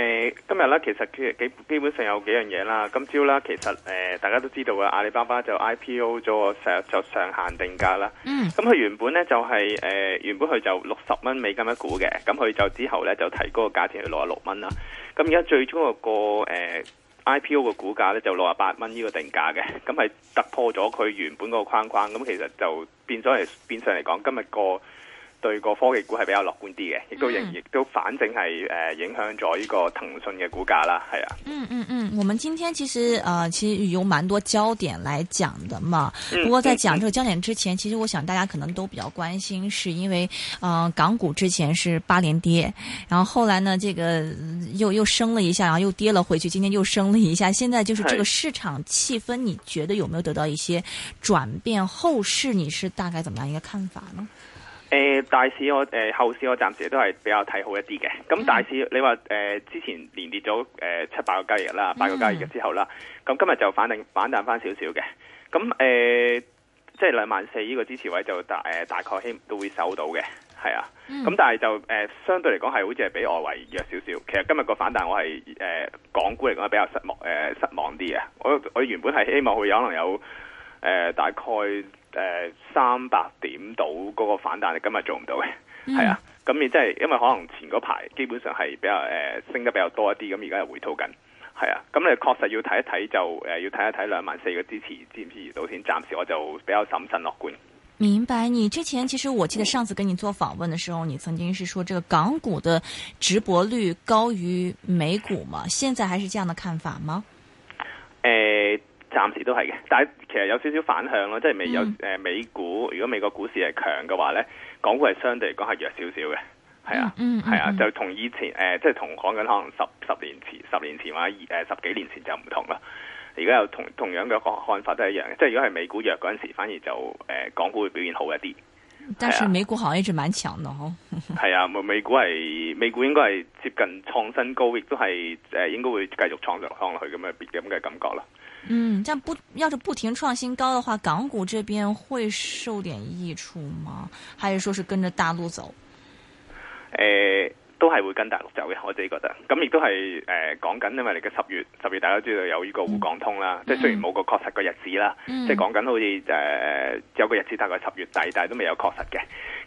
誒、呃，今日咧其實幾幾基本上有幾樣嘢啦。今朝啦，其實誒、呃、大家都知道嘅阿里巴巴就 IPO 咗，成日就上限定價啦。嗯。咁佢原本咧就係、是、誒、呃、原本佢就六十蚊美金一股嘅，咁佢就之後咧就提高個價錢去六十六蚊啦。咁而家最終的、那個誒、呃、IPO 嘅股價咧就六十八蚊呢個定價嘅，咁係突破咗佢原本嗰個框框，咁其實就變咗嚟變相嚟講今日個。對個科技股係比較樂觀啲嘅，亦都亦亦都反正係誒影響咗呢個騰訊嘅股價啦，係啊、嗯。嗯嗯嗯，我們今天其實呃其實有蠻多焦點來講的嘛。嗯、不過在講這個焦點之前，嗯、其實我想大家可能都比較關心，是因為啊、呃、港股之前是八連跌，然後後來呢，這個又又升了一下，然後又跌了回去，今天又升了一下，現在就是這個市場氣氛，是你覺得有沒有得到一些轉變？後市你是大概怎麼樣一個看法呢？誒、呃，大市我誒、呃，後市我暫時都係比較睇好一啲嘅。咁大市、mm. 你話誒、呃，之前連跌咗誒七八個交易日啦，八個交易日之後啦，咁、mm. 嗯、今日就反定反彈翻少少嘅。咁、嗯、誒，即係兩萬四呢個支持位就大誒、呃，大概希都會守到嘅。係啊，咁、mm. 但係就誒、呃，相對嚟講係好似係比外圍弱少少。其實今日個反彈我係誒港股嚟講係比較失望誒、呃，失望啲啊。我我原本係希望佢有可能有誒、呃、大概。三百、呃、點到嗰個反彈，你今日做唔到嘅，係、嗯、啊，咁你即係因為可能前嗰排基本上係比較誒、呃、升得比較多一啲，咁而家又回吐緊，係啊，咁你確實要睇一睇就誒、呃，要睇一睇兩萬四嘅支持支唔支持到先，暫時我就比較審慎樂觀。明白。你之前其實我記得上次跟你做訪問嘅時候，你曾經是說這個港股的直播率高於美股嘛？現在還是這樣的看法嗎？誒、呃。暫時都係嘅，但係其實有少少反向咯，即係未有誒美股。如果美國股市係強嘅話咧，港股係相對嚟講係弱少少嘅，係啊，係啊，就同以前誒、呃，即係同講緊可能十十年前、十年前或者誒、呃、十幾年前就唔同啦。而家又同同樣嘅一個看法都係一樣嘅，即係如果係美股弱嗰陣時，反而就誒、呃、港股會表現好一啲。但是美股好像一直蠻強嘅吼。係啊的， 美美股係美股應該係接近創新高，亦都係誒、呃、應該會繼續創作落去咁嘅咁嘅感覺啦。嗯，但不要是不停創新高的話，港股這邊會受點益處嗎？還是說是跟着大陸走？誒、呃，都係會跟大陸走嘅，我自己覺得。咁亦都係誒、呃、講緊，因為嚟個十月，十月大家都知道有呢個滬港通啦，嗯、即係雖然冇個確實嘅日子啦，嗯、即係講緊好似誒、呃、有個日子大概十月底，但係都未有確實嘅。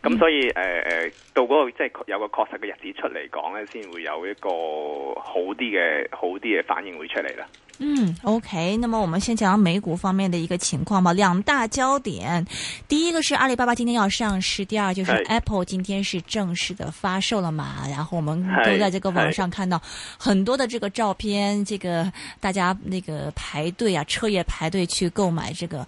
咁、嗯嗯、所以誒誒、呃、到嗰、那個即係有個確實嘅日子出嚟講呢，先會有一個好啲嘅好啲嘅反應會出嚟啦。嗯，OK。那麼我們先講美股方面的一個情況吧。兩大焦點，第一個是阿里巴巴今天要上市，第二就是 Apple 今天是正式的發售了嘛。是然後我們都在這個網上看到很多的這個照片，這個大家那個排隊啊，徹夜排隊去購買這個。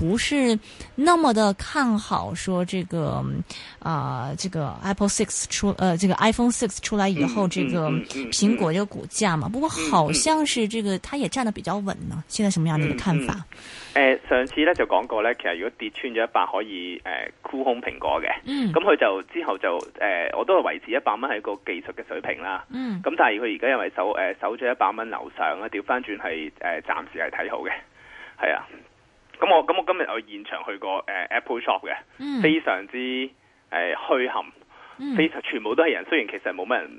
不是那麼的看好，說這個啊、呃，這個 Apple Six 出，呃，這個 iPhone Six 出來以後，這個蘋果這個股價嘛。嗯嗯嗯嗯嗯、不過好像是這個，它也站得比較穩呢、啊。現在什麼樣的一個看法？誒、嗯嗯呃，上次咧就講過咧，其實如果跌穿咗一百可以誒沽、呃、空蘋果嘅，咁佢、嗯、就之後就誒、呃、我都係維持一百蚊係一個技術嘅水平啦。咁、嗯、但係佢而家因為守誒守咗一百蚊樓上咧，調翻轉係誒暫時係睇好嘅，係啊。咁我咁我今日我現場去過、呃、Apple Shop 嘅、嗯呃，非常之誒墟冚，非常全部都係人。嗯、雖然其實冇乜人，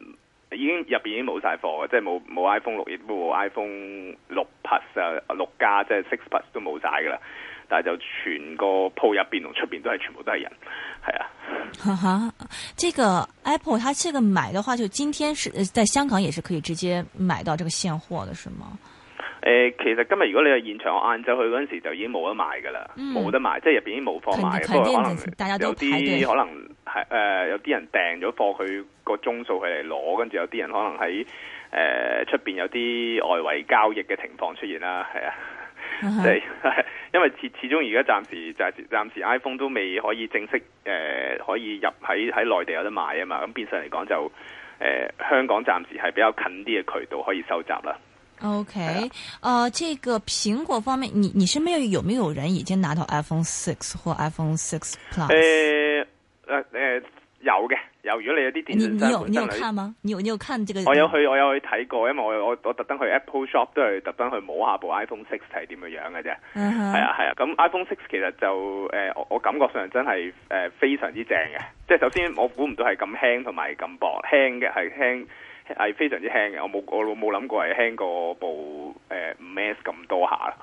已經入面已經冇晒貨，即係冇冇 iPhone 六亦都冇 iPhone 六 Plus 啊六加即係 Six Plus 都冇晒㗎啦。但係就全個鋪入面同出面都係全部都係人，係啊。哈哈，這個 Apple，它這個買的話，就今天是在香港也是可以直接買到這個現貨的，是嗎？誒、呃，其實今日如果你喺現場，晏晝去嗰陣時就已經冇得賣㗎啦，冇得賣，即係入邊已經冇貨賣。群不過可能有啲可能係，誒、呃、有啲人訂咗貨，佢個鐘數佢嚟攞，跟住有啲人可能喺誒出邊有啲外圍交易嘅情況出現啦，係啊，即係、嗯、哼 因為始始終而家暫時就係暫時 iPhone 都未可以正式誒、呃、可以入喺喺內地有得買啊嘛，咁變相嚟講就誒、呃、香港暫時係比較近啲嘅渠道可以收集啦。OK，啊，呃，這個蘋果方面，你你身邊有有沒有人已經拿到 iPhone Six 或 iPhone Six Plus？誒誒有嘅，有。如果你有啲電視新聞，你，你有看嗎？你有你有看這個？我有去我有去睇過，因為我我我特登去 Apple Shop 都係特登去摸下部 iPhone Six 係點嘅樣嘅啫。係啊係啊。咁 iPhone Six 其實就誒，我我感覺上真係誒非常之正嘅。即係首先我估唔到係咁輕同埋咁薄，輕嘅係輕。係非常之輕嘅，我冇我冇諗過係輕過部誒五 S 咁多下，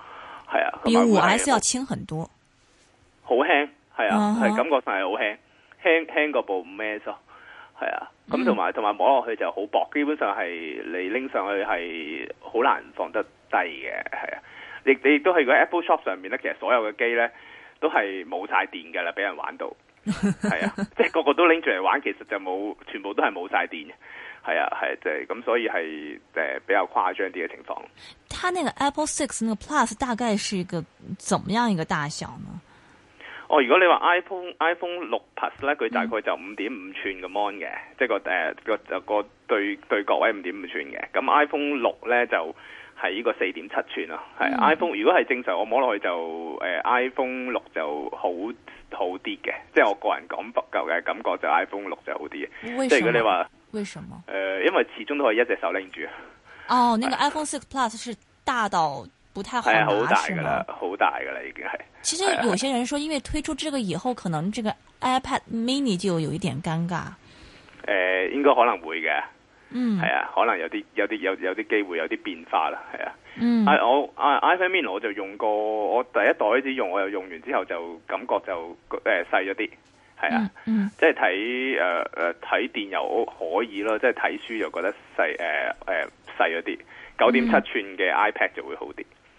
係啊，比五還是要輕很多，好輕係啊，係感覺上係好輕，輕輕過部五 S 咯，係啊，咁同埋同埋摸落去就好薄，基本上係你拎上去係好難放得低嘅，係啊，亦你亦都係個 Apple Shop 上面咧，其實所有嘅機咧都係冇晒電噶啦，俾人玩到，係 啊，即係個個都拎住嚟玩，其實就冇全部都係冇晒電嘅。係啊，係啊，即係咁，所以係誒比較誇張啲嘅情況。佢那個 Apple Six 那個 Plus 大概是一個怎麼樣一個大小呢？哦，如果你話 iPhone iPhone 六 Plus 咧，佢大概就五點五寸嘅 mon 嘅，即係個誒個就個對對,對角位五點五寸嘅。咁 iPhone 六咧就係呢個四點七寸咯。係 iPhone、嗯、如果係正常，我摸落去就誒、呃、iPhone 六就好好啲嘅，即係我個人講唔夠嘅感覺就 iPhone 六就好啲嘅。即係如果你話。為什麼？誒、呃，因為始終都係一隻手拎住啊。哦，那個 iPhone Six Plus 是大到不太好拿，好係啊係嘛大噶啦，好大噶啦，已經係。其實有些人說，因為推出這個以後，係啊可能這個 iPad Mini 就有一點尷尬。誒、呃，應該可能會嘅。嗯。係啊，可能有啲有啲有有啲機會有啲變化啦。係啊。嗯。係我，我 iPad Mini 我就用過，我第一代啲用我又用完之後就感覺就誒、呃、細咗啲。係啊，嗯，即係睇誒誒睇電又可以咯，即係睇書又覺得細誒誒細咗啲，九點七寸嘅 iPad 就會好啲。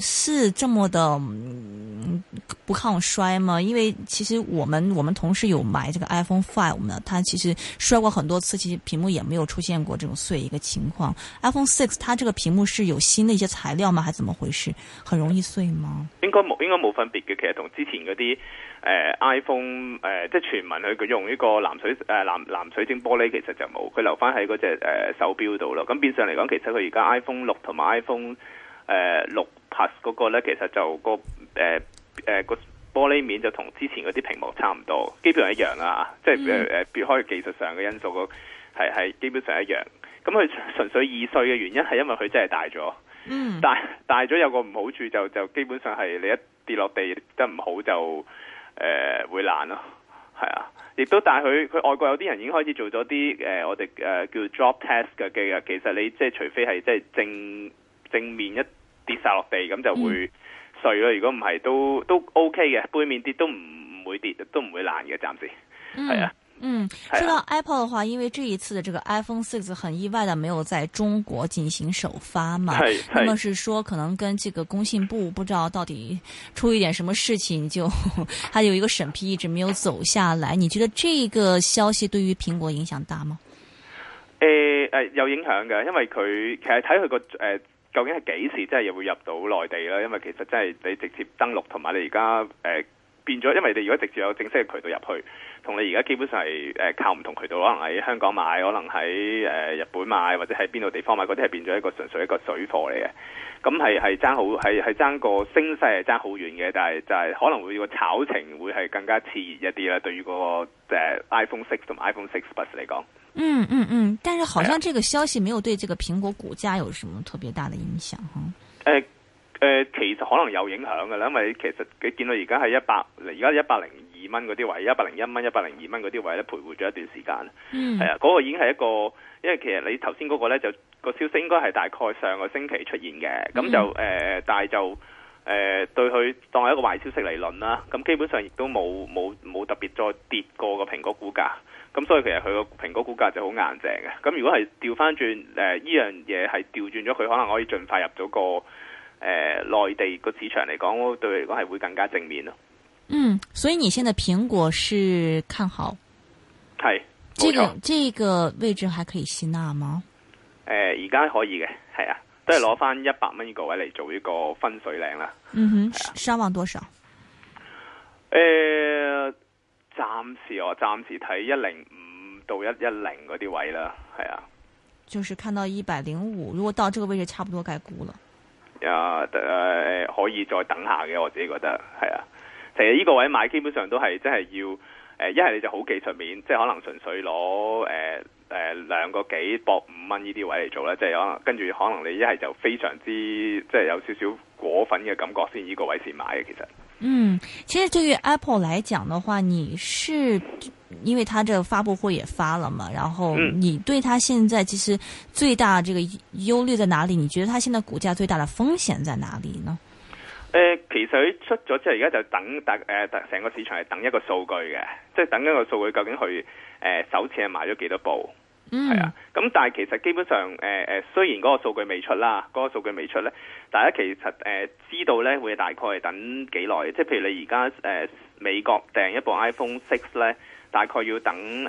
是這麼的不抗摔嗎？因為其實我們我們同事有買這個 iPhone 5，它其實摔過很多次，其實屏幕也沒有出現過這種碎一個情況。iPhone 6，它這個屏幕是有新的一些材料嗎？還是怎麼回事？很容易碎嗎？應該冇應該冇分別嘅，其實同之前啲誒、呃、iPhone 誒、呃、即係傳聞佢佢用呢個藍水誒、呃、藍藍水晶玻璃其實就冇，佢留翻喺嗰隻誒、呃、手表度咯。咁變相嚟講，其實佢而家 iPhone 六同埋 iPhone 誒、呃、六。6 p a s s 嗰個咧，其實就個誒誒個玻璃面就同之前嗰啲屏幕差唔多，基本上一樣啦、啊。即係誒誒，撇、呃、開技術上嘅因素是，係係基本上一樣。咁佢純粹易碎嘅原因係因為佢真係大咗、嗯，大大咗有個唔好處就就基本上係你一跌落地得唔好就誒、呃、會爛咯。係啊，亦都但係佢佢外國有啲人已經開始做咗啲誒我哋誒、呃、叫 drop test 嘅嘅，其實你即係除非係即係正正面一。跌晒落地咁就會碎咯。如果唔係都都 OK 嘅，背面跌都唔唔會跌，都唔會爛嘅。暫時係啊嗯。嗯，說到 Apple 嘅話，因為這一次嘅這個 iPhone 6很意外地沒有在中國進行首發嘛。係係。咁啊，是說可能跟這個工信部不知道到底出咗一點什麼事情就，就它有一個審批一直沒有走下來。你覺得這個消息對於蘋果影響大嗎？誒誒、呃呃，有影響嘅，因為佢其實睇佢個誒。呃究竟係幾時真係又會入到內地咧？因為其實真係你直接登錄同埋你而家誒變咗，因為你如果直接有正式嘅渠道入去，同你而家基本上係誒靠唔同渠道，可能喺香港買，可能喺誒日本買，或者喺邊度地方買，嗰啲係變咗一個純粹一個水貨嚟嘅。咁係係爭好係係爭個聲勢係爭好遠嘅，但係就係可能會有個炒情會係更加熾熱一啲啦。對於嗰個誒 iPhone Six 同 iPhone Six Plus 嚟講。嗯嗯嗯，但是好像這個消息沒有對這個蘋果股價有什麼特別大的影響，誒誒、呃呃，其實可能有影響噶啦，因為其實你見到而家係一百，而家一百零二蚊嗰啲位，一百零一蚊、一百零二蚊嗰啲位咧徘徊咗一段時間。嗯，係啊，嗰、那個已經係一個，因為其實你頭先嗰個咧就、那個消息應該係大概上個星期出現嘅，咁、嗯、就誒、呃，但係就誒、呃、對佢當係一個壞消息嚟論啦，咁基本上亦都冇冇冇特別再跌過個蘋果股價。咁、嗯、所以其實佢個蘋果股價就好硬淨嘅。咁如果係調翻轉，誒呢樣嘢係調轉咗，佢可能可以盡快入到個誒、呃、內地個市場嚟講，對佢嚟講係會更加正面咯。嗯，所以你現在蘋果是看好？係冇錯，這個位置還可以吸納嗎？誒、呃，而家可以嘅，係啊，都係攞翻一百蚊個位嚟做一個分水嶺啦。嗯哼，啊、上望多少？誒、呃。暫時我暫時睇一零五到一一零嗰啲位啦，係啊，就是看到一百零五，如果到這個位置，差不多該沽啦。啊，誒、呃，可以再等下嘅，我自己覺得係啊。其實呢個位買基本上都係即係要，誒、呃，一係你就好技術面，即係可能純粹攞誒誒兩個幾搏五蚊呢啲位嚟做啦，即係可能跟住可能你一係就非常之即係有少少果粉嘅感覺先呢個位先買嘅，其實。嗯，其實對於 Apple 來講的話，你是，因為他這個發佈會也發了嘛，然後你對他現在其實最大這個憂慮在哪裡？你覺得他現在股價最大的風險在哪裡呢？誒、呃，其實佢出咗之後，而家就等大誒，成、呃、個市場係等一個數據嘅，即係等一個數據究竟佢、呃、首次係賣咗幾多部？係、嗯、啊，咁但係其實基本上，誒、呃、誒雖然嗰個數據未出啦，嗰、那個數據未出咧，大家其實誒、呃、知道咧會大概等幾耐，即係譬如你而家誒美國訂一部 iPhone Six 咧，大概要等誒誒、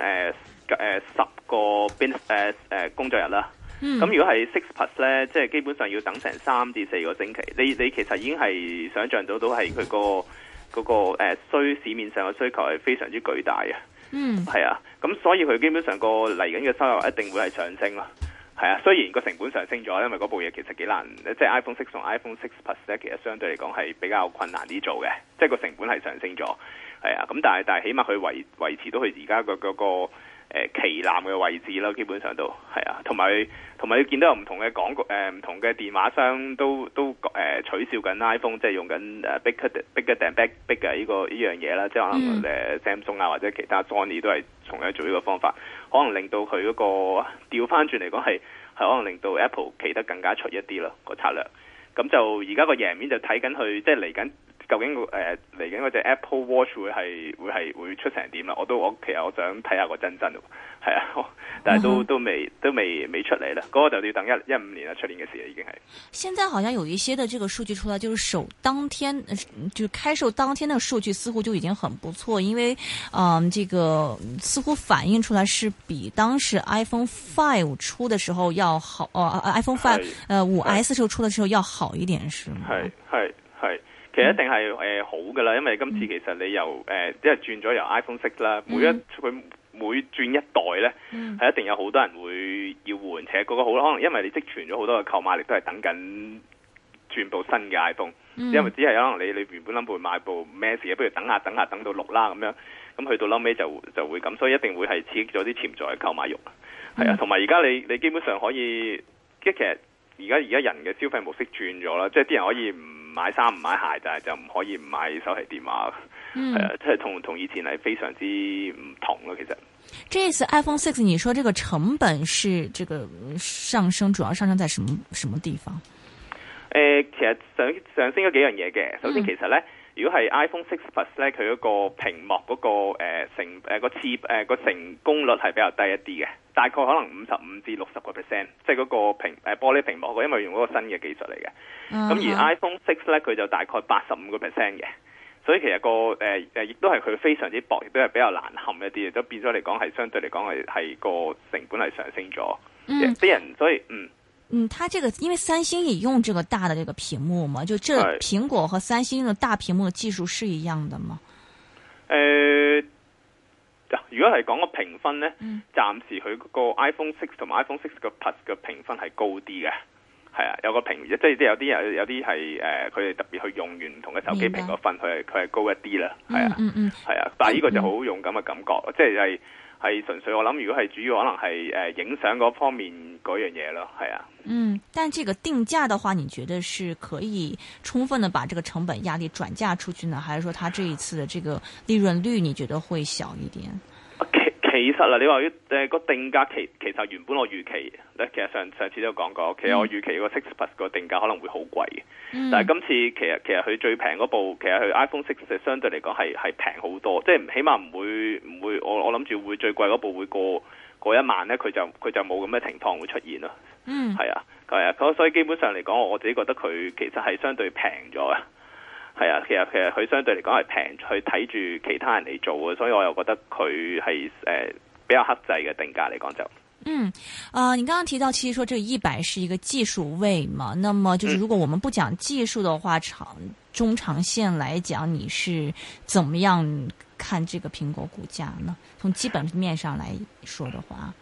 呃、十個 business 誒、呃、誒工作日啦。咁、嗯、如果係 Six Plus 咧，即係基本上要等成三至四個星期。你你其實已經係想象到到係佢個嗰個誒需市面上嘅需求係非常之巨大嘅。嗯，係、mm. 啊，咁所以佢基本上個嚟緊嘅收入一定會係上升啦。係啊，雖然個成本上升咗，因為嗰部嘢其實幾難，即、就、係、是、iPhone Six 同 iPhone Six Plus 呢，其實相對嚟講係比較困難啲做嘅，即、就、係、是、個成本係上升咗，係啊，咁但係但係起碼佢維維持到佢而家個、那個個誒、呃、旗艦嘅位置囉，基本上都係啊，同埋同埋你見到有唔同嘅廣告，誒、呃、唔同嘅電話商都都誒、呃、取笑緊 iPhone，即係用緊誒 Bigger than bigger 呢個呢樣嘢啦，即係可能誒 Samsung 啊，或者其他 Sony 都係同樣做呢個方法，可能令到佢嗰個調翻轉嚟講係，係可能令到 Apple 企得更加出一啲咯個策略，咁就而家個贏面就睇緊佢，即係嚟緊。究竟我嚟、呃、緊嗰隻 Apple Watch 會係會係會出成點啦？我都我其實我想睇下個真真咯，係啊，但係都、嗯、哼都未都未未出嚟啦。嗰、那個就要等一一五年啦，出年嘅事啦已經係。現在好像有一些的這個數據出來，就是首當天就是、開售當天的數據似乎就已經很不錯，因為嗯、呃，這個似乎反映出來是比當時 iPhone Five 出的時候要好哦、啊，iPhone Five 的呃五 S 時候出的時候要好一點，是嗎？係係。其實一定係誒好嘅啦，嗯、因為今次其實你由誒即係轉咗由 iPhone 息啦，嗯、每一佢每轉一代咧，係、嗯、一定有好多人會要換，且嗰個好可能因為你積存咗好多嘅購買力，都係等緊轉部新嘅 iPhone，因為只係可能你你原本諗會買部咩嘅，不如等下等下等到六啦咁樣，咁去到後尾就就會咁，所以一定會係刺激咗啲潛在嘅購買欲。啊，係啊、嗯，同埋而家你你基本上可以，即係其實而家而家人嘅消費模式轉咗啦，即係啲人可以唔。不買衫唔買鞋，但係就唔可以唔買手提電話，誒、嗯，即係同同以前係非常之唔同咯。其實，這次 iPhone 6，你說這個成本是這個上升，主要上升在什麼什麼地方？誒、呃，其實上上升咗幾樣嘢嘅，首先其實咧。嗯如果係 iPhone Six Plus 咧，佢嗰個屏幕嗰、嗰個、呃、成誒個刺誒個成功率係比較低一啲嘅，大概可能五十五至六十個 percent，即係嗰個屏誒、呃、玻璃屏幕個，因為用嗰個新嘅技術嚟嘅。咁、嗯、而 iPhone Six 咧，佢就大概八十五個 percent 嘅，所以其實、嗰個誒誒亦都係佢非常之薄，亦都係比較難含一啲嘅，都變咗嚟講係相對嚟講係係個成本係上升咗。啲人、嗯、所以嗯。嗯，他這個因為三星也用這個大的這個屏幕嘛，就這蘋果和三星用大屏幕的技術是一樣的嗎？誒、呃，如果係講個評分呢，嗯、暫時佢嗰個 iPhone six 同埋 iPhone six 個 plus 嘅評分係高啲嘅，係啊，有個評即係即係有啲人有啲係誒，佢哋、呃、特別去用完唔同嘅手機白蘋嗰份，佢係佢係高一啲啦，係啊，係啊、嗯嗯嗯，但係呢個就好勇敢嘅感覺，嗯、即係。係純粹我諗，如果係主要，可能係誒、呃、影相嗰方面嗰樣嘢咯，係啊。嗯，但係這個定價的話，你覺得是可以充分地把這個成本壓力轉嫁出去呢？還是說，它這一次的這個利潤率你覺得會小一點？其實啦，你話誒個定價，其其實原本我預期咧，其實上上次都講過，其實我預期個 Six Plus 個定價可能會好貴、嗯、但係今次其實其實佢最平嗰部，其實佢 iPhone Six 係相對嚟講係係平好多，即係起碼唔會唔會，我我諗住會最貴嗰部會過過一萬咧，佢就佢就冇咁嘅情況會出現咯。嗯，係啊，係啊，所以基本上嚟講，我自己覺得佢其實係相對平咗嘅。係啊，其實其實佢相對嚟講係平，去睇住其他人嚟做嘅，所以我又覺得佢係比較克制嘅定價嚟講就。嗯啊，你剛剛提到其實說這一百是一個技術位嘛，那麼就是如果我們不講技術的話，長中長線來講，你是怎麼樣看這個蘋果股價呢？從基本面上來說的話，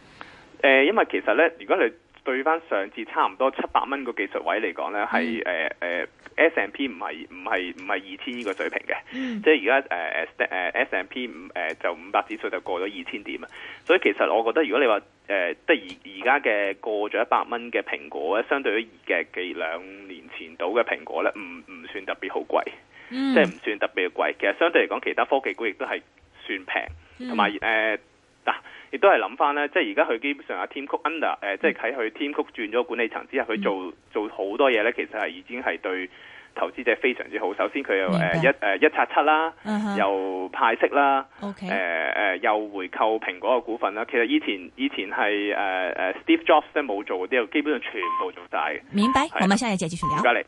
誒、嗯呃，因為其實咧，如果你。對翻上次差唔多七百蚊個技術位嚟講咧，係誒誒 S and P 唔係唔係唔係二千呢個水平嘅，即係而家誒誒 S and P 五誒就五百指數就過咗二千點啊！所以其實我覺得如果你話誒，即係而而家嘅過咗一百蚊嘅蘋果咧，相對於嘅幾兩年前到嘅蘋果咧，唔唔算特別好貴，即係唔算特別貴。其實相對嚟講，其他科技股亦都係算平，同埋誒。亦都係諗翻咧，即係而家佢基本上阿 Tim Cook under，誒、嗯，即係喺佢 Tim Cook 轉咗管理層之後，佢做、嗯、做好多嘢咧，其實係已經係對投資者非常之好。首先佢又誒一誒、呃、一拆七啦，uh、huh，又派息啦，誒誒 okay,、呃呃、又回購蘋果嘅股份啦。其實以前以前係誒誒 Steve Jobs 都冇做啲，又基本上全部做晒嘅。明白，的我們下一節繼續。